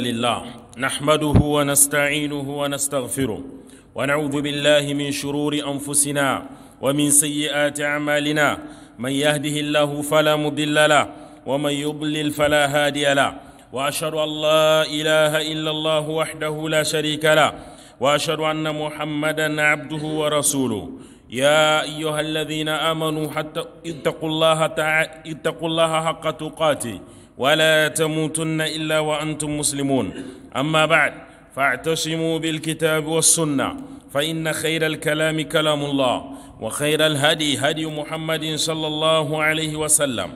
لله نحمده ونستعينه ونستغفره ونعوذ بالله من شرور انفسنا ومن سيئات اعمالنا من يهده الله فلا مضل له ومن يضلل فلا هادي له واشهد ان لا اله الا الله وحده لا شريك له واشهد ان محمدا عبده ورسوله يا ايها الذين امنوا حتى اتقوا الله اتقوا الله حق تقاته ولا تموتن الا وانتم مسلمون اما بعد فاعتصموا بالكتاب والسنه فان خير الكلام كلام الله وخير الهدي هدي محمد صلى الله عليه وسلم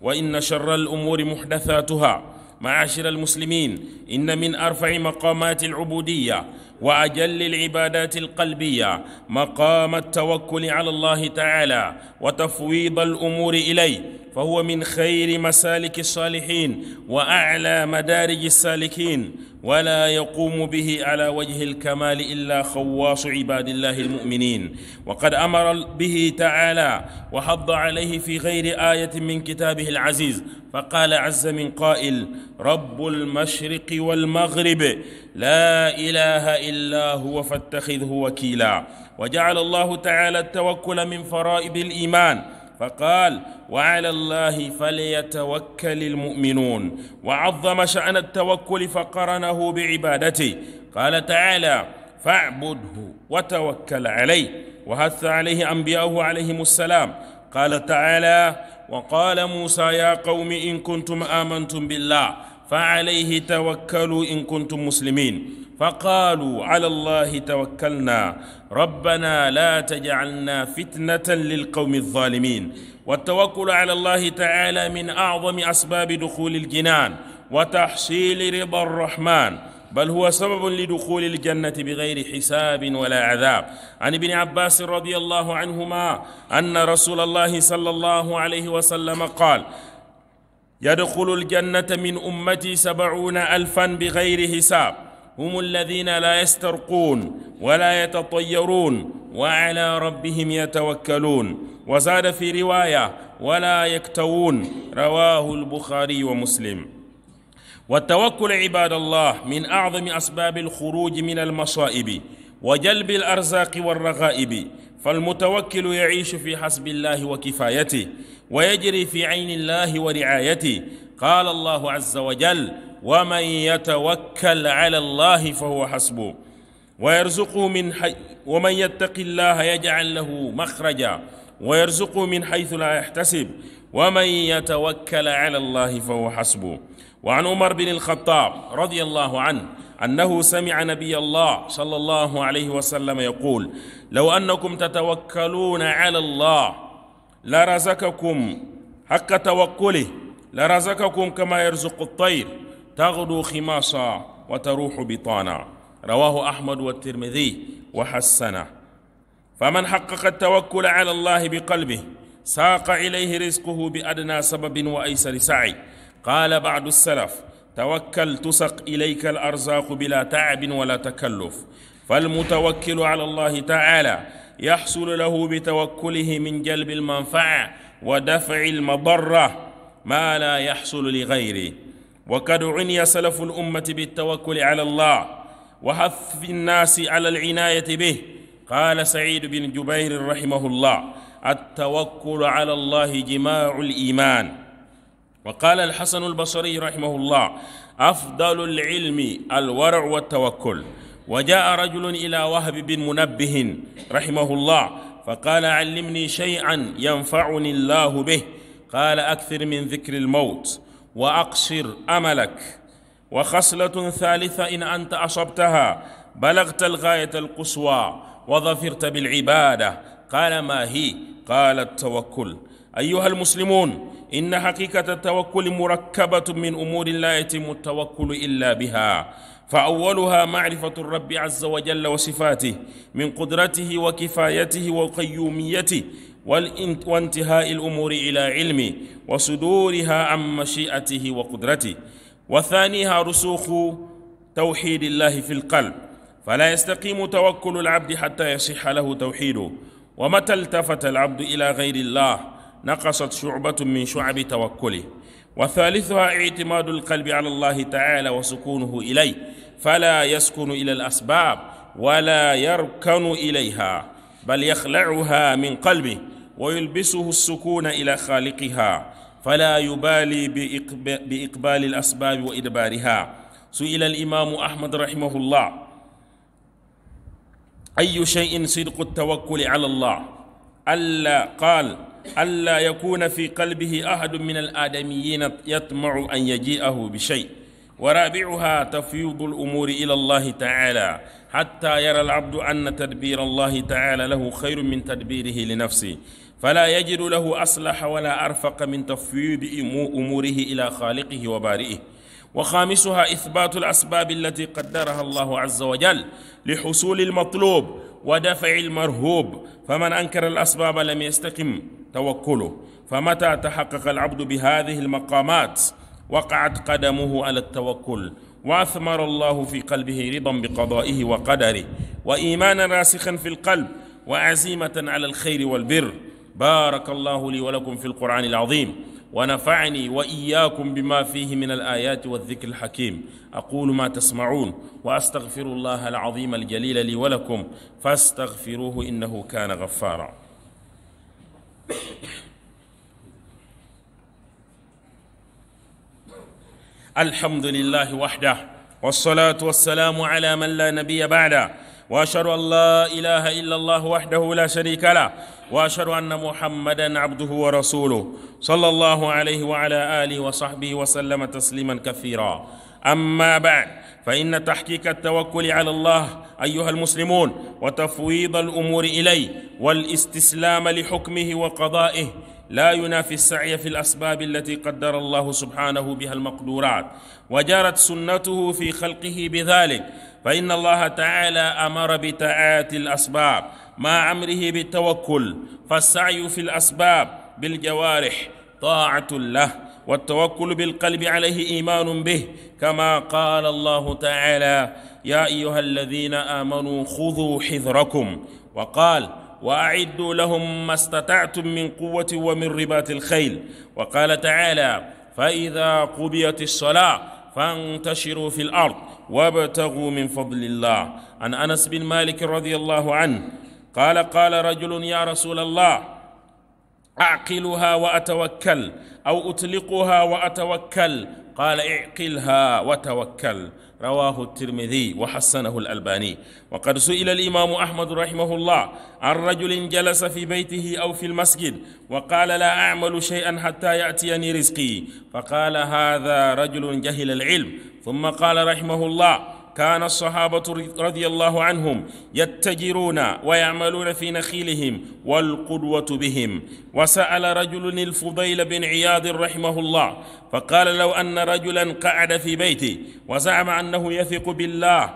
وان شر الامور محدثاتها معاشر المسلمين ان من ارفع مقامات العبوديه واجل العبادات القلبيه مقام التوكل على الله تعالى وتفويض الامور اليه فهو من خير مسالك الصالحين واعلى مدارج السالكين ولا يقوم به على وجه الكمال الا خواص عباد الله المؤمنين وقد امر به تعالى وحض عليه في غير ايه من كتابه العزيز فقال عز من قائل رب المشرق والمغرب لا اله الا هو فاتخذه وكيلا وجعل الله تعالى التوكل من فرائض الايمان فقال وعلى الله فليتوكل المؤمنون وعظم شأن التوكل فقرنه بعبادته قال تعالى فاعبده وتوكل عليه وهث عليه أنبياؤه عليهم السلام قال تعالى وقال موسى يا قوم إن كنتم آمنتم بالله فعليه توكلوا إن كنتم مسلمين فقالوا على الله توكلنا ربنا لا تجعلنا فتنه للقوم الظالمين والتوكل على الله تعالى من اعظم اسباب دخول الجنان وتحصيل رضا الرحمن بل هو سبب لدخول الجنة بغير حساب ولا عذاب عن ابن عباس رضي الله عنهما أن رسول الله صلى الله عليه وسلم قال يدخل الجنة من أمتي سبعون ألفا بغير حساب هم الذين لا يسترقون ولا يتطيرون وعلى ربهم يتوكلون وزاد في روايه ولا يكتوون رواه البخاري ومسلم والتوكل عباد الله من اعظم اسباب الخروج من المصائب وجلب الارزاق والرغائب فالمتوكل يعيش في حسب الله وكفايته ويجري في عين الله ورعايته قال الله عز وجل ومن يتوكل على الله فهو حسبه ويرزقه من حي ومن يتق الله يجعل له مخرجا ويرزقه من حيث لا يحتسب ومن يتوكل على الله فهو حسبه وعن عمر بن الخطاب رضي الله عنه انه سمع نبي الله صلى الله عليه وسلم يقول لو انكم تتوكلون على الله لرزقكم حق توكله لرزقكم كما يرزق الطير تغدو خماصا وتروح بطانا رواه أحمد والترمذي وحسنه فمن حقق التوكل على الله بقلبه ساق إليه رزقه بأدنى سبب وأيسر سعي قال بعض السلف توكل تسق إليك الأرزاق بلا تعب ولا تكلف فالمتوكل على الله تعالى يحصل له بتوكله من جلب المنفعة ودفع المضرة ما لا يحصل لغيره وقد عني سلف الأمة بالتوكل على الله وحث الناس على العناية به قال سعيد بن جبير رحمه الله التوكل على الله جماع الإيمان وقال الحسن البصري رحمه الله أفضل العلم الورع والتوكل وجاء رجل إلى وهب بن منبه رحمه الله فقال علمني شيئا ينفعني الله به قال أكثر من ذكر الموت وأقصر أملك وخصلة ثالثة إن أنت أصبتها بلغت الغاية القصوى وظفرت بالعبادة قال ما هي؟ قال التوكل أيها المسلمون إن حقيقة التوكل مركبة من أمور لا يتم التوكل إلا بها فاولها معرفه الرب عز وجل وصفاته من قدرته وكفايته وقيوميته وانتهاء الامور الى علمه وصدورها عن مشيئته وقدرته وثانيها رسوخ توحيد الله في القلب فلا يستقيم توكل العبد حتى يصح له توحيده ومتى التفت العبد الى غير الله نقصت شعبه من شعب توكله وثالثها اعتماد القلب على الله تعالى وسكونه اليه فلا يسكن الى الاسباب ولا يركن اليها بل يخلعها من قلبه ويلبسه السكون الى خالقها فلا يبالي باقبال الاسباب وادبارها سئل الامام احمد رحمه الله اي شيء صدق التوكل على الله الا قال الا يكون في قلبه احد من الادميين يطمع ان يجيئه بشيء ورابعها تفيض الامور الى الله تعالى حتى يرى العبد ان تدبير الله تعالى له خير من تدبيره لنفسه فلا يجد له اصلح ولا ارفق من تفويض اموره الى خالقه وبارئه وخامسها اثبات الاسباب التي قدرها الله عز وجل لحصول المطلوب ودفع المرهوب فمن انكر الاسباب لم يستقم توكله فمتى تحقق العبد بهذه المقامات وقعت قدمه على التوكل واثمر الله في قلبه رضا بقضائه وقدره وايمانا راسخا في القلب وعزيمه على الخير والبر بارك الله لي ولكم في القران العظيم ونفعني واياكم بما فيه من الايات والذكر الحكيم اقول ما تسمعون واستغفر الله العظيم الجليل لي ولكم فاستغفروه انه كان غفارا الحمد لله وحده والصلاة والسلام على من لا نبي بعده واشهد ان لا اله الا الله وحده لا شريك له واشهد ان محمدا عبده ورسوله صلى الله عليه وعلى اله وصحبه وسلم تسليما كثيرا أما بعد فإن تحقيق التوكل على الله أيها المسلمون وتفويض الأمور إليه والاستسلام لحكمه وقضائه لا ينافي السعي في الأسباب التي قدر الله سبحانه بها المقدورات وجرت سنته في خلقه بذلك فإن الله تعالى أمر بتاعة الأسباب مع أمره بالتوكل فالسعي في الأسباب بالجوارح طاعة له والتوكل بالقلب عليه ايمان به كما قال الله تعالى يا ايها الذين امنوا خذوا حذركم وقال واعدوا لهم ما استطعتم من قوه ومن رباط الخيل وقال تعالى فاذا قضيت الصلاه فانتشروا في الارض وابتغوا من فضل الله عن انس بن مالك رضي الله عنه قال قال رجل يا رسول الله أعقلها وأتوكل أو أطلقها وأتوكل قال اعقلها وتوكل رواه الترمذي وحسنه الألباني وقد سئل الإمام أحمد رحمه الله عن رجل جلس في بيته أو في المسجد وقال لا أعمل شيئا حتى يأتيني رزقي فقال هذا رجل جهل العلم ثم قال رحمه الله كان الصحابة رضي الله عنهم يتجرون ويعملون في نخيلهم والقدوة بهم وسأل رجل الفضيل بن عياض رحمه الله فقال لو أن رجلا قعد في بيته وزعم أنه يثق بالله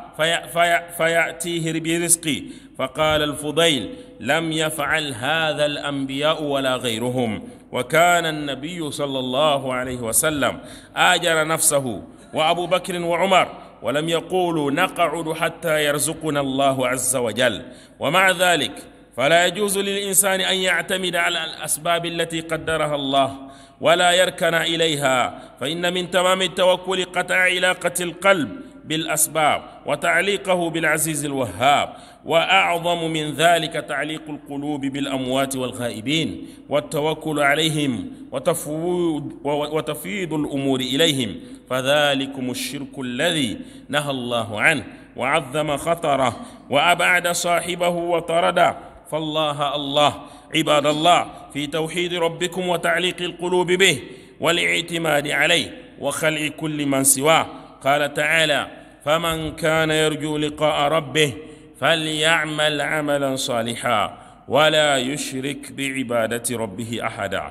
فيأتيه برزقه فقال الفضيل لم يفعل هذا الأنبياء ولا غيرهم وكان النبي صلى الله عليه وسلم آجر نفسه وأبو بكر وعمر ولم يقولوا نقعد حتى يرزقنا الله عز وجل ومع ذلك فلا يجوز للإنسان أن يعتمد على الأسباب التي قدرها الله ولا يركن إليها فإن من تمام التوكل قطع علاقة القلب بالأسباب وتعليقه بالعزيز الوهاب واعظم من ذلك تعليق القلوب بالاموات والغائبين والتوكل عليهم وتفويض وتفيض الامور اليهم فذلكم الشرك الذي نهى الله عنه وعظم خطره وابعد صاحبه وطرده فالله الله عباد الله في توحيد ربكم وتعليق القلوب به والاعتماد عليه وخلع كل من سواه قال تعالى فمن كان يرجو لقاء ربه فليعمل عملا صالحا ولا يشرك بعبادة ربه أحدا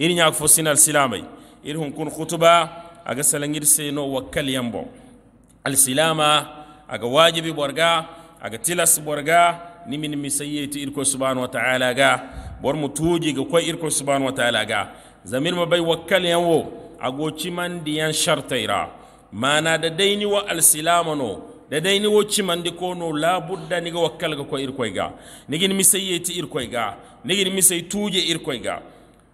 إن يكفسنا السلامي إن هم كن خطبة أغسل نرسينو وكل ينبو السلامة أغا واجب برغا أغا تلس برغا nimin misayyeti irko subhanahu wa ta'ala ga bor mu tuji ga koy irko subhanahu wa ga zamir ma bai wakkal yan wo agoci man diyan shartaira mana da daini wa alsilamano dadai ni wocci mandi kono labudda niga wakkalga ko irkoyga nigin misay yeti irkoyga nigin misay tuje ga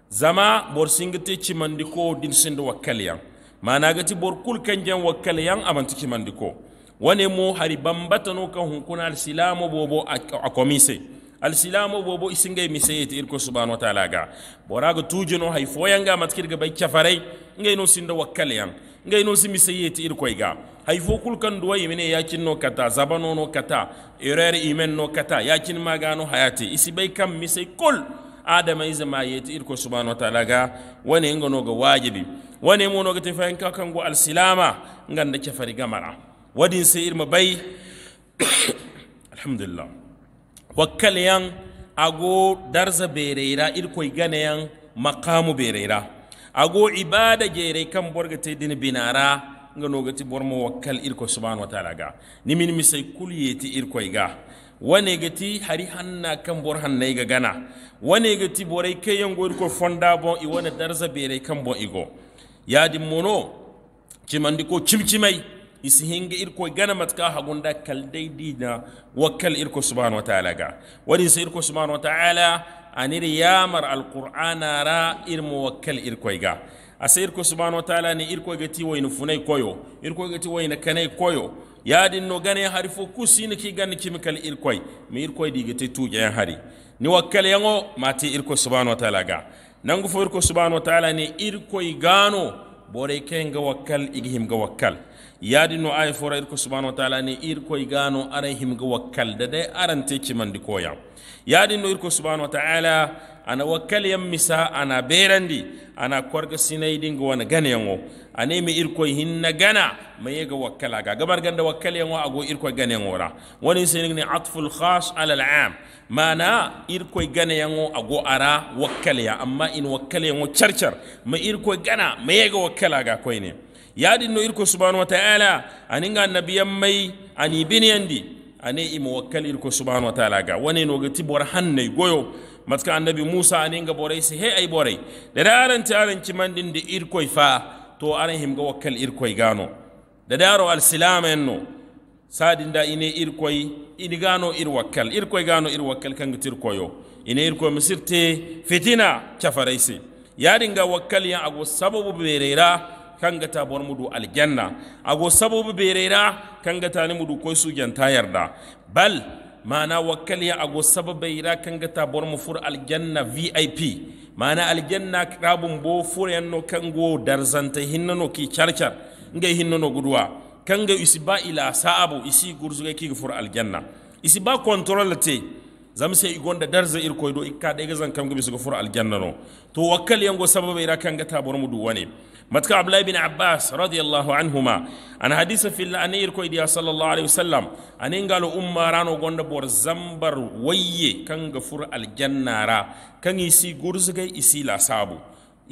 zama bor singati ci mandi ko din sindo wakkaliyan managati bor kul kanjan wakkaliyan amanti ci mandi ko wane mo hari bambatano kan hunkuna silamo bobo a komise alsilamo bobo isingay misay yeti ko subhanahu wa ta'ala ga boraga no hay foyanga matkirga bay chafarai ngay no sindo wakkaliyan ngay no simisay yeti ga. hay fokul kan duwa imine yakin no kata zabano no kata erer imen no kata yakin magano hayati isi bai kam kol adam adama izama yeti ko subhanahu wa ta'ala ga wani ngono go wajibi wani mono go ga tifayin ka kan go silama ngande da fari gamara wadin sai irma bai alhamdulillah wakkal yan ago darza bereira irko yan maqamu bereira ago ibada jere kan borga te din binara noga gati bormo wakkal irko subhanahu wa ta'ala ga ni nimin misai kuliyeti irko ga wane ga ti hari hanna kan bor hanna ga gana wane ga ti borai kayan yango irko fonda bon i wane darza bere kan bon igo di mono cimandi ko cimcimai isi hinga irko gana matka hagunda kal na wakkal irko subhanahu wa ta'ala ga wani sai irko subhanahu wa ta'ala anir yamar alqur'ana ra irmo wakkal irko ga asa irko subhanahu wa ta'ala ni irko gati wayna funai koyo irko gati wayna kanai koyo yadin no gane hari fo kusini ki gani kimikal irkoi. mi irkoi di gati tuje yan hari ni wakkal yango mati irko subhanahu wa ta'ala ga nangu fo irko subhanahu wa ta'ala ni irkoi gano bore kenga wakkal igihim himga wakkal yadi no ay fora irko subhanahu wa ta'ala ni gano arai ara himga wakkal da dai arante kimandi koya yadi no irko subhanahu wa ta'ala ana wakkal yam misa ana berandi ana korga sinai dinga wana gane yango ane mi irko hinna gana maye ga wakkala ga gabar ganda wakkal yango ago irko gane yango ra wani sinin ne atful khas ala al'am mana irko gana yango ago ara wakkal ya amma in wakkal yango charchar ma irko gana maye ga wakkala ga koine yadin no irko subhanahu wa ta'ala aninga annabiyan mai ani biniyandi ane imu wakkal irko subhanahu wa ta'ala ga wani no ga tibor hannai goyo matka annabi musa ga boray si he ay boray dada aranti aranci mandinde irkoi fa to aran himga wakkal irkoi gano al silama yanno sadin da ine irkoi ini gano ir wakkal irkoi gano ir wakkal kangitirkoyo ine irkoy misirte fitina faraisi si yadinga wakkal ya ago sababu kanga ta bor mudu aljanna ago sababu kanga ta ni mudu koy su janta yarda bal maana mana ya ago sababa ira kanga ta mu fur aljanna vip maana aljanna kabun bo fur kan kango darzanta no ki charchar hinna no gudwa kanga isba ila sa'abu isi gurzuga ki fur aljanna isba control te sai igonda darza ir koydo ikka de gazan ga bisu fur aljanna no to yan go sababa ira kanga ta mu duwane matka abdullahi bin abbas radiyallahu anhuma an hadisa filla an yir koy diya sallallahu alaihi wasallam an ingalo umma rano gonda bor zambar wayye kan ga fur aljannara kan isi gurzugay isi la sabu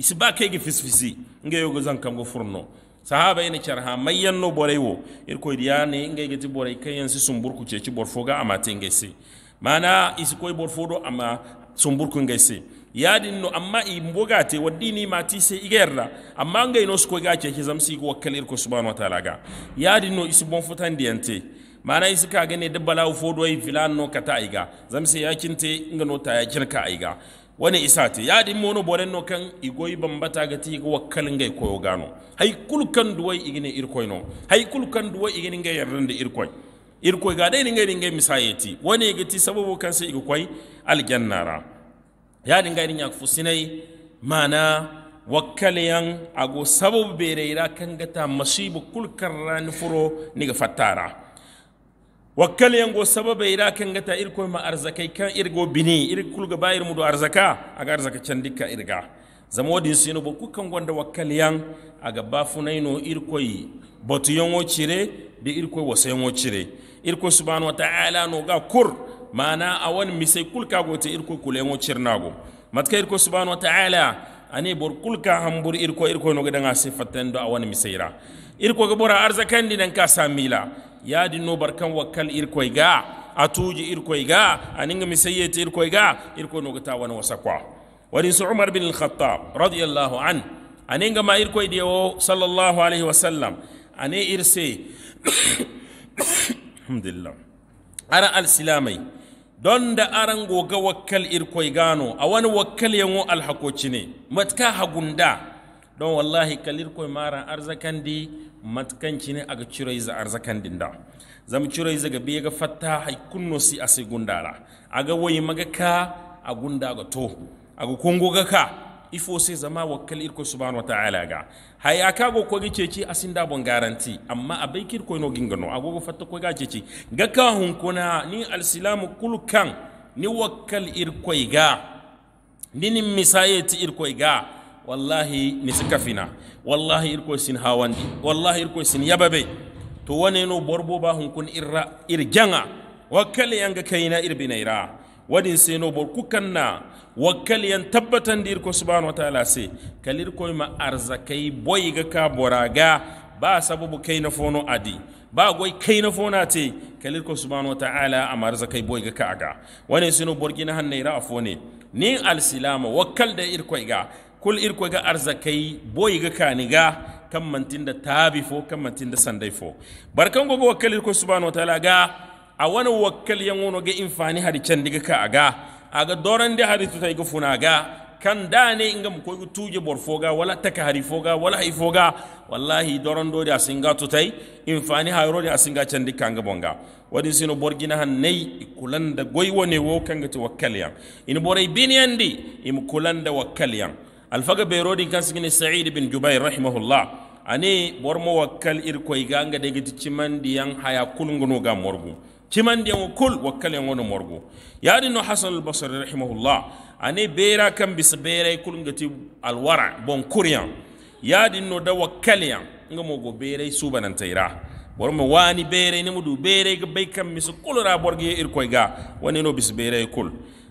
isi ba kay ga fisfisi nge yogo zan kan go furno sahaba ina charha mayan no boray wo ir diya ne nge gati boray kayan si sumbur ku ceci bor foga amate nge mana isi koy bor fodo ama sumbur ku yadin no amma i mbogate ni mati se igerra amma nga ino sko ga ke ke zamsi ko wakkalir ko subhanahu wa ta'ala ga yadin no isu bon futan diyante mana isu ka gane dabbala fo do yi filan no kata iga zamsi yakinte nga no ta yakin ka iga wani isa te yadin no boren no kan igoyi bambata ga ti ko wakkalin ga koyo gano hay kul kan duwai igine irkoy no hay kul kan duwai igine ga yarrande irkoy irkoy ga dai ninga ninga misayeti wani ga ti sababu kan sai igoy aljannara ya yaadin gayri ya kufu sinai mana wakkaleyan ago sababu beereyra kangata masibo kul ni furo ga fattara Wakaliyan go gata irko ma arzakai kan irgo bini ir kulga ba ir mudu arzaka aga arzaka candikka irga zama din sinu bo ku kan gonda wakkaleyan aga yi irkoy botuyoŋo cire de irkoy wasayoŋo cire irko subhanahu wa taala no ga kur mana awan misai kulka go te irko kulengo cirnago matka irko subhanahu wa ta'ala ani bor kulka hambur irko irko no gadanga sifaten do awan misaira irko ga bora arzakandi nan ka samila yadi no barkan wakkal irko ga atuji irko ga aninga misayyete irko ga irko no gata wan wasakwa wadin su umar bin al-khattab radiyallahu an aninga ma irko diyo sallallahu alaihi wasallam ane irse alhamdulillah ara al-silamai don da aran goga wakal irkoi gano a wani wakkal yanwo alhakoci ne matka hagunda don wallahi irkoi mara arzakan di ci ne aga ciro za arzakan da. zama cire za ga biya ga fatta haikunno nosi a sai gundara aga wayi maga ka a gunda ga to aga kungo ga ka ifo sai zama wakkal irko subhanahu wa ta'ala ga hay akago ko gice ci asinda bon garanti amma abai kir ko no gingano agogo fatta ko a ci ga ka hun kuna ni alsilamu kan ni wakil irko ga ni nin misayeti irko ga wallahi ni sikafina wallahi irko sin hawandi wallahi irko sin yababe to wane no borbo ba hun kun irra irjanga wakil yanga kaina irbinaira wadin no bor kukanna yan tabbatan dir ko subhanahu wa ta'ala se kalir koy ma arzakai boy ga ka boraga ba sababu kai na fono adi ba goy kai na fona te kalir ko subhanahu wa ta'ala am arzakai boy ga ka aga wani sino borgina hanne ra afone ni alsilama wakkal da ir koy ga kul ir koy ga arzakai boy ga ga kan mantin da tabi fo kan mantin da sandai fo barkan gobe wakkalir ko subhanahu wa ta'ala ga a wani wakkal yan wono ga infani hari can diga ka aga aga dorande hari tutai go funaga kan da ne inga mu koy tuje bor foga wala taka hari foga wala haifoga foga wallahi do da singa in fani ha hayro da singa candi kanga bonga wadi sino borgina han nay kulanda goy wone wo kanga to wakkaliyan in boray biniyandi im kulanda wakkaliyan alfaga berodin kan sigini sa'id bin jubair rahimahullah ani bormo wakkal ir koy ganga de giti cimandi yang haya morgu cimandi ngo kul wakkale ngono morgo yaadi no hasan albasri rahimahullah ane beera kam bisa beeray kul ngati alwara bon kuriyan yaadi no da wakkaliyan nga mogo beeray subanantayra borma wani beeray nemo du beeray ga bay kam misa kulra borge irkoy ga wani no bisa beeray kul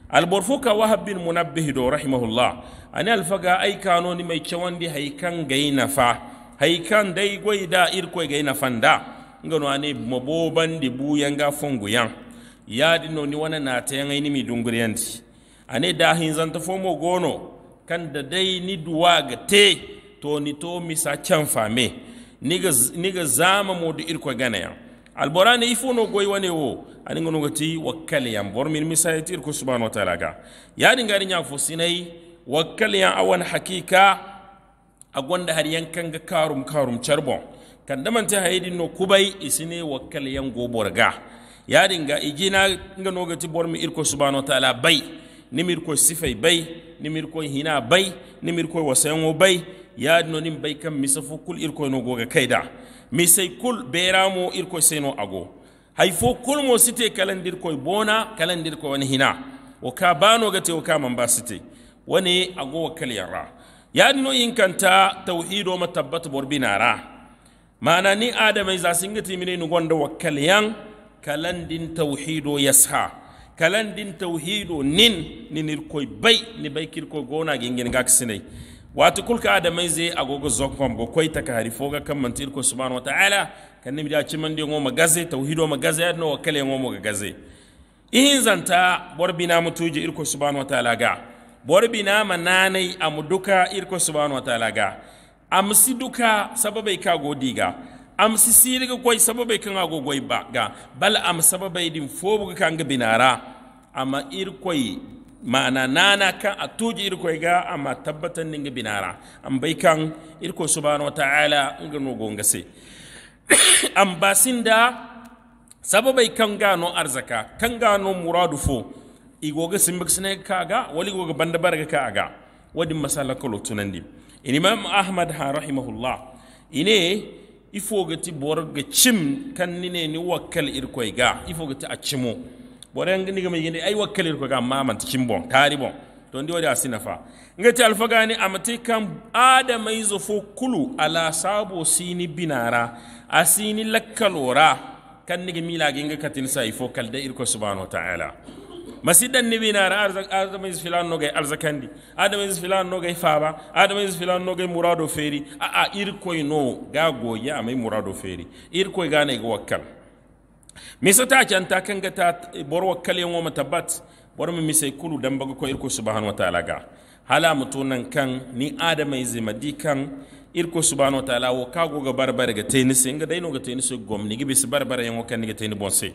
albor fo ka wahab bin munabbih do rahimahullah ane alfaga ay kanoni may cewandi hay kan gayna fa hay kan day goyda irkoy gayna fanda ngano ane maboban di buyanga fongu yang yadi no ni wana na ta ni mi dunguriyanti ane dahin zanta fomo gono kan da dai ni duwa ga te to ni to misa can fame ni ga zama mo da irko gana ya albora ne ifo no goyi wane wo ani ngono gati wakali yan bor min misa ya irku subhanahu wa ta'ala ga ya dinga rinya fo sinai wakali yan awan hakika a gwanda har yankan ga karum karum charbon kan daman ta haydi no kubai isine wakkal yango borga yadinga igina nga nogati bormi irko subhanahu wa ta'ala bai ko sifai bai ko hina bai nimirko wasayanwo bai yadino nim bai kan misafu kul irko no goga kaida misai kul beramo irko seno ago haifo kul mo site kalandir ko bona kalandir ko wani hina o ka bano gate o ka man site wani ago wakkal yara yadino in kanta tauhido matabbat borbinara Ma'ana ni adamai e za su yi mine ni gonda wakkal yan kalandin tauhido yasha kalandin tauhido nin ni nirkoi bai ni bai kirko gona gingin gak ne Wata kulka adamai e zai agogo zokon ta ka takari foga kan mantir irko subhanahu wa ta'ala kan ni biya cimande ngoma gaze tauhido ma magaze yadno wakkal yan e ngoma gaze ihin zanta borbina mutuje irko subhanahu wa ta'ala ga borbina mananai amuduka irko subhanahu wa ta'ala ga amsi duka sababai ka ga amsi siriga koi sababai kan ago goy ba ga bal am sababai din fobu kan ga binara amma ir koi ma'ana nana kan a tuji ir koi ga amma tabbatan nin ga binara am bai kan ir ko subhanahu wa ta'ala ga no gonga se am basinda sababai kan gano arzaka kan gano muradu fo igoga simbik sine kaga wali goga banda ga kaga wadin masala kolo tunandi imam ahmad ha rahimahullah ine ifo bor borga cim kan ne ni wakkal koy ga gati a cimo bore ngi ngam ai ay wakkal koy ga maman cim bon tari bon to ndi wadi asina fa ngati alfagani amati kam adama izo fo kulu ala sabo sini binara asini lakkalora kan nigi milagi ngi katin sa ifo ir irko subhanahu wa ta'ala masidan nibi na ra adam is filan no gay arzakandi adam is filan no gay faba adam is filan no gay murado feri a a ir koy no ga goya amai murado feri ir koy ga ne wakkal misa ta can ta kan ta bor wakkal yan wama tabbat bor mi misai kulu dan baga ko ir ko subhanahu wa ta'ala ga hala mutunan kan ni adam is madi kan irko subhanahu wa ta'ala wo kago ga barbare ga tenisi nga dayno ga tenisi gomni gibis barbare yan wakkal ni ga teni bonse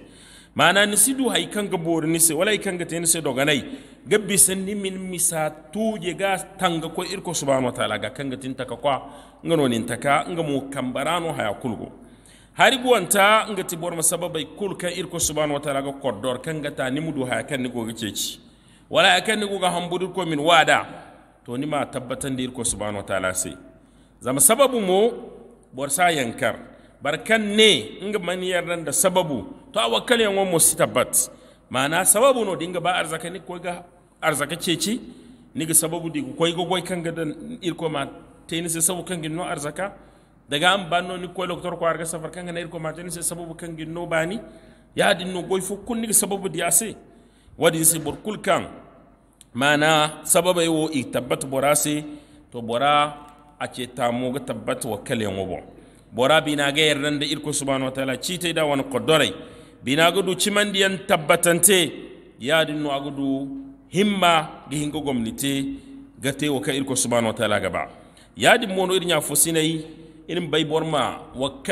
mana ni sidu hay kanga bori sai wala hay kanga teni se doganai gabbi ni min misa je ga tanga ko irko subhanahu wa ta'ala ga kanga tin taka kwa ngano nin taka mu kambarano haya kulgo hari buwanta bor masababai kul kulka irko subhanahu wa ta'ala ga koddor kanga ta ni mudu haya kan ni goga ceci wala haya kan ni ga hambudur ko min wada to ni ma tabbatan da irko subhanahu wa ta'ala sai zama sababu mo borsa yankar barkan ne inga maniyar nan da sababu to a wakkal yan wani musu tabbat maana sababu no dinga ba arzaka ni koi ga arzaka ceci ni ga sababu di koi ga koi kan ga da irko ma ta ni sai sabu kan gino arzaka daga an banno ni koi doktor ko arga safar kan ga na irko ma ta ni sai sababu kan gino bani ya dinno goi fu kun ni ga sababu di ase wadin sai burkul kan ma'ana sababa wo i tabbat borase to bora a ce tamu ga tabbat wakkal yan wani bora binaga da irko subhanahu wa taala citeyda wona ko doray binaga du cimandiyan tabbatante ya no agudu himma ga hinga gomnite gate wo ka irko subhanahu wa taala gaba yaadin mono ya ña irin bai borma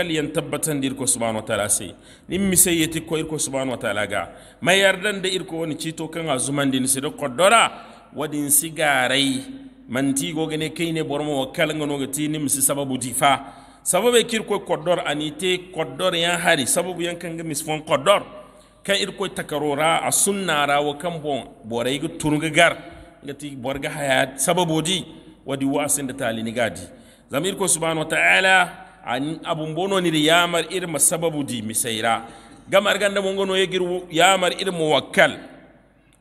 yan tabbatan da irko subhanahu wa ta'ala sai mi sai yati ko irko subhanahu wa ta'ala ga mai yardan da irko wani cito kan azuman din sai da kodora wadin sigarai manti go gane kai ne borma wakkalan ga nogati nin misi sababu difa sababu kir koy koddor te kodor yan hari sababu yan kan ga misfon kodor kan irkoi takarora a sunna wa kan bon borai ga turunga gar ngati borga haya sababu di wadi wasin da talini gadi zamir ko subhanahu wa ta'ala an abun bono ni yamar irma sababu di misaira gamar ganda mun gono yagir yamar irma muwakkal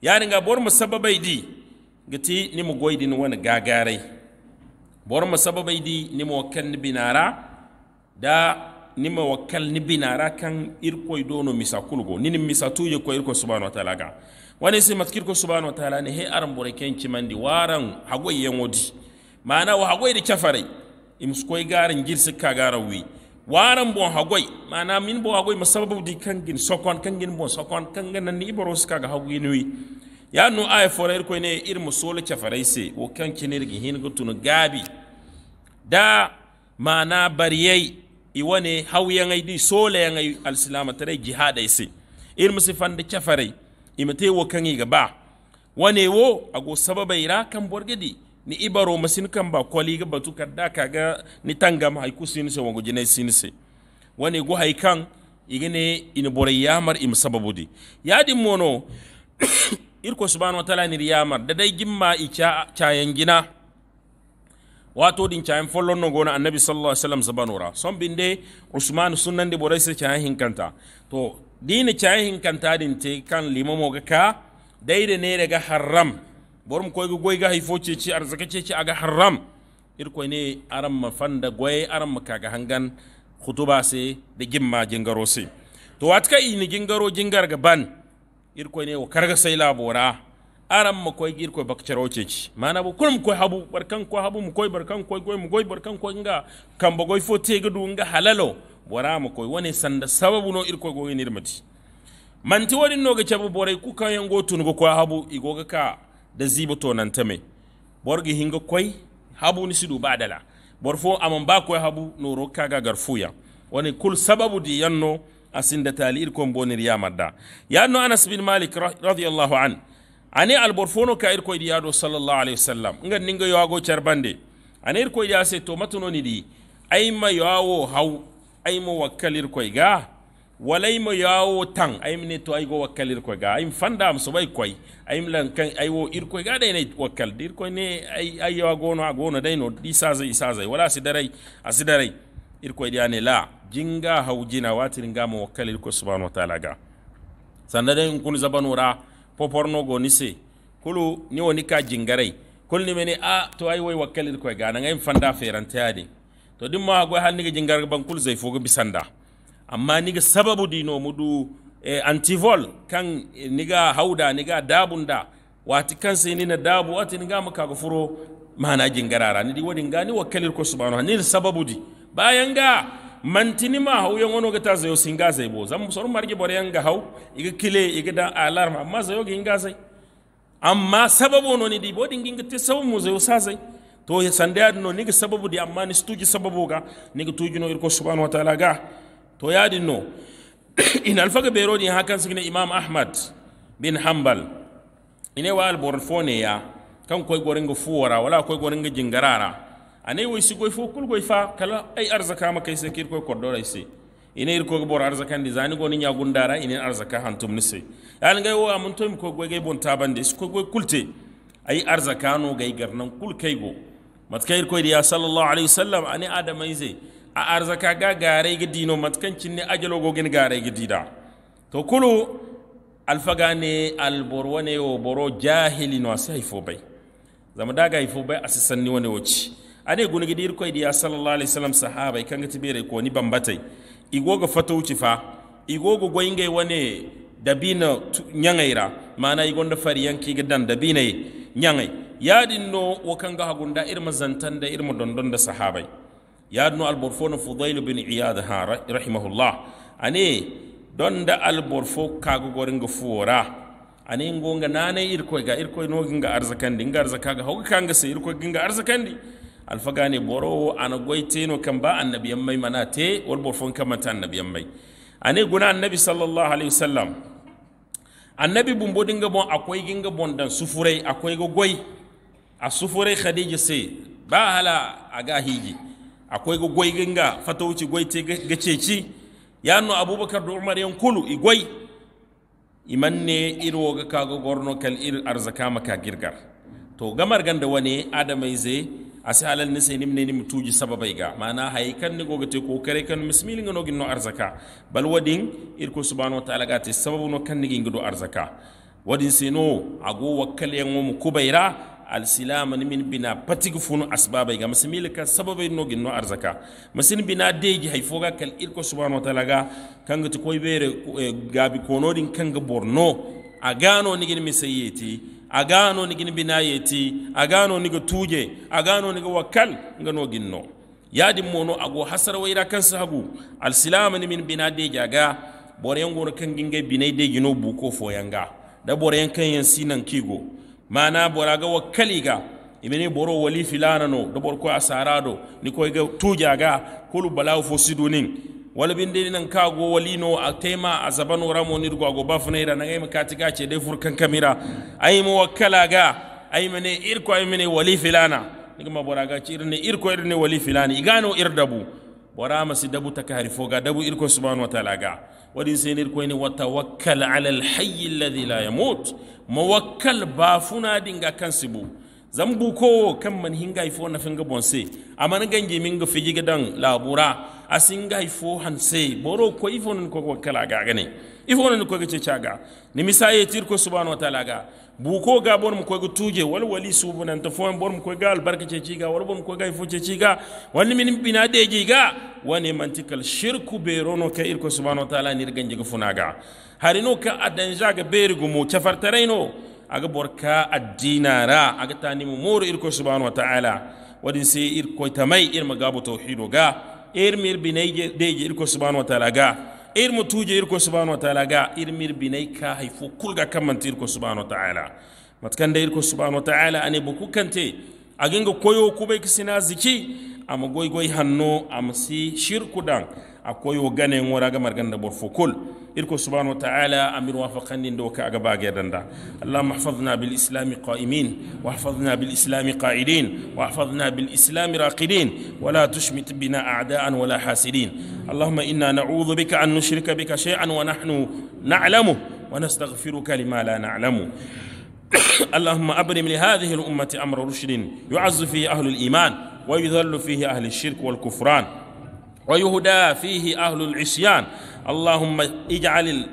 yani ga bor sababai di ngati ni mu din wani gagarai bor sababai di ni ni binara da ni ma wakal ni binara kan irkoy dono misa kulgo ni misa tuye ko irko subhanahu wa ta'ala ga wani sai matkir ko subhanahu wa ta'ala ne he aran bureken kimandi waran hagoy yan wodi mana wa hagoy da kafare skoy garin girsi ka garawi waran bon hagoy mana min bo hagoy masababu di gin sokon gin bon sokon gin nan ibro suka ga hagoy ni ya no ay fora irko ne ir musul kafare se wo kan kinirgi hin gutun gabi da mana bariyai iwane haw yaŋey di soola yaŋey alsilama taray jihaday se ir masi fanda cafaray imate wo kangi ga ba wane wo ago sababa ira kaŋ di ni ibaro masin kan ba kwali ga batu kadda ga ni tangam hayku sinise wango jinay sinise wane go hay kaŋ igane boray yamar ima sababu di yadin mono irko subhanahu wa ta'ala ni yamar da dai icha i wato din cayan follon no gona annabi sallallahu alaihi wasallam sabanora son binde usman sunan de borai sai cayan hinkanta to din cayan hinkanta din te kan limamo ga ka daide ne daga haram borum koy go goy ga haifo ce ci arzaka ce ci aga haram koy ne aram fanda goy aram kaga hangan khutuba se da gimma jingaro se to watka ini jingaro jingar ga ban koy ne wa karga sai labora Aram mu koy gir koy bakcaro ceci mana bu kulum koy habu barkan koy habu mu koy barkan koy goy mu goy barkan koy nga bo goy fo tege du nga halalo bora mu koy woni sanda sababu no ir koy goy nirmati manti wodi no ga chabu boray ku kan yango tun go koy habu igoga ka da zibo to nan tame borgi hinga koy habu ni sidu badala borfo amon ba koy habu no rokka ga garfuya woni kul sababu di yanno asinda tali ir ko bonir yamadda yanno anas bin malik radiyallahu anhu ani alborfono ka irko idi yado sallallahu alaihi wasallam nga ninga ago charbande ani irko idi ase to matuno ni di ayma yawo hau ayma wakal koy ga walai ma yawo tan aim ne to aigo wakkalir koy ga aim fanda am sobai koy aim lan kan wo irko ga dayne wakal dir koy ne ay ai yago no ago dai no di saza isaza wala sidarai asidarai irko idi ane la jinga haujina watiringa mo wakkalir ko subhanahu wa ta'ala ga sanade dai kun zabanura poporno go nise kulu ni woni ka jingarai kul ni meni a ah, to ay wai wakkel ko ga nan ai fanda feran tayade to dimma go hal ni jingar ban kul zai fogo bisanda amma ni sababu dino mudu e, antivol kan eh, ni ga hauda ni ga dabunda wati kan sai ni na dabu ati ni ga maka ga furo mana jingarara ni di wodin ga ko subhanahu ni sababu di bayan ga mantini ma hau yan wano gata singa zai bo bore ga hau iga kile iga dan alarm amma zayo zai amma sababu ni di bo te sa zai to ya no sababu di amma ni stuji sababu ga tuji no irko wa ta'ala ga to ya no in alfaga bero ni hakan imam ahmad bin hanbal ine wa al borfone ya kan goringa fuwara wala goringa jingarara ane wo goy fo kul goy fa kala ay arzaka ma kayse kir koy kordora ise ina ir ko bor arzaka ndi zani goni nya gundara ina arzaka hantum se yal ngay wo amun tom ko goy gay bon tabande su ko goy kulte ay arzaka no gay garnan kul kay go matkayir koy ya sallallahu alaihi wasallam ani ay zai a arzaka ga gare ga dino kan cinne ajalo gogin gare ga dida to kulu alfagane ne alboro ne wo boro jahili no sai fo bai zama daga ifo bai asisanni wani wochi ane guna gidi irkoi idiya sallallahu alaihi wasallam sahaba ikan gati bere ko ni bambatai igoga fato wuci fa igoga goyingai wane dabina nyangaira mana igonda fari yanki gidan dabine nyangai yadin no wakan ga hagunda irma zantan da irma dondon da sahabai yadin no alborfo na fudail bin iyad ha rahimahullah ane donda da alborfo kago gorin ga fuwara ane ngonga nane irko ga irko no ginga arzakandi inga arzaka ga kanga sai irko ginga arzakandi alfagane boro ana kan ba annabiyan mai te wal kan mata annabiyan mai ane guna annabi sallallahu alaihi wasallam annabi bumbo dinga bon akwai ginga bon dan sufurai akwai ga goi a sufurai khadija sai ba hala aga hiji akwai ga goi ginga fatauci goi te gaceci ya no abubakar da umar yankulu igoi imanne iro ga kago gorno kal ir arzaka maka girgar to gamar ganda wani adamai zai asi halal ni sai nimne ni mutuji sababai ga mana hay kan ni gogate ko kare kan mismil ngano ginno arzaka bal wadin irko subhanahu wa ta'ala gate sababu no kan ni gindo arzaka wadin sino ago wakkal yan mu kubaira al silama ni min bina patig funu asbabai ga mismil ka sababai no ginno arzaka masin bina deji hay foga kal irko subhanahu wa ta'ala ga kanga koy bere eh, gabi konodin kanga borno a gano ni gin misayeti a gano ni gin a gano ni ga tuje gano ni go wakkal ngano ginno di mono go hasar waira kan hagu alsilama ni min bina binade jaga yan gona kan bina de gino buko foyanga da yan kan yan sinan kigo mana boraga wakali ga imene boro wali filana no do bor ko asarado ni ko ga tujaga kulu balaw fo sidunin wala bin dai nan kago walino a tema a zaban ramo ni rugo ba bafu naira nan ayi kati ga ce dai furkan kamera ayi mu wakkala ga ayi mene irko ayi mene wali filana ni kuma bora ga ci ne irko irin ne wali filani igano irdabu bora masi dabu ka harifo ga dabu irko subhanahu wa ta'ala ga wadin sai irko ne wa tawakkal ala al hayy alladhi la yamut mawakkal funa dinga kan sibu zambu ko kan man hinga ifo na finga bonse amana ganje minga fiji gidan labura asinga ifo hanse boro ko ifo non ko kala ga gane ifo non ko ce ga ni misaye tir ko subhanahu wa ta'ala ga bu ko ga bor mu ko ga tuje wal wali subunan ta fo bor mu ko ga albarka ce ci ga wal bor mu ko ga ifo ce ci ga wani min bina de ji ga wani mantikal shirku be rono ka irko subhanahu wa ta'ala ni ganje ga funaga harino ka adanja ga berigo mu cafartareno aga borka addinara aga tani mu moro irko subhanahu wa ta'ala wadin sai ko tamai ir gabo tauhido ga irmir binai deje irko subhanahu wa ta'ala ga irmu tuje irko subhanahu wa ta'ala ga irmir binai ka haifu kulga kamanti irko subhanahu wa ta'ala matkan da irko subhanahu wa ta'ala ani buku kante aginga koyo kubai kisina ziki ama goy goy hanno amsi shirku dan akoy wo gane wora ga marganda bor fo kul irko subhanahu wa ta'ala amir wa faqani ndo ka aga bage danda allah mahfazna bil islam qa'imin wa hafazna bil islam qa'idin wa hafazna bil islam raqidin wa la tushmit bina a'da'an wa la hasidin اللهم انا نعوذ بك ان نشرك بك شيئا ونحن نعلمه ونستغفرك لما لا نعلمه اللهم أبرم لهذه الأمة أمر رشد يعز فيه أهل الإيمان ويذل فيه أهل الشرك والكفران ويهدى فيه أهل العصيان اللهم اجعل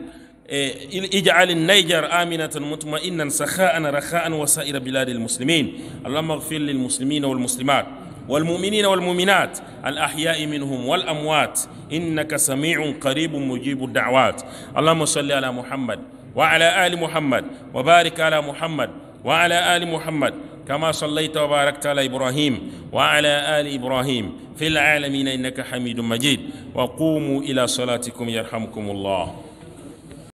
إيه، اجعل النيجر آمنة مطمئنا سخاء رخاء وسائر بلاد المسلمين اللهم اغفر للمسلمين والمسلمات والمؤمنين والمؤمنات الأحياء منهم والأموات إنك سميع قريب مجيب الدعوات اللهم صل على محمد وعلى آل محمد وبارك على محمد وعلى آل محمد كما صليت وباركت على إبراهيم وعلى آل إبراهيم في العالمين إنك حميد مجيد وقوموا إلى صلاتكم يرحمكم الله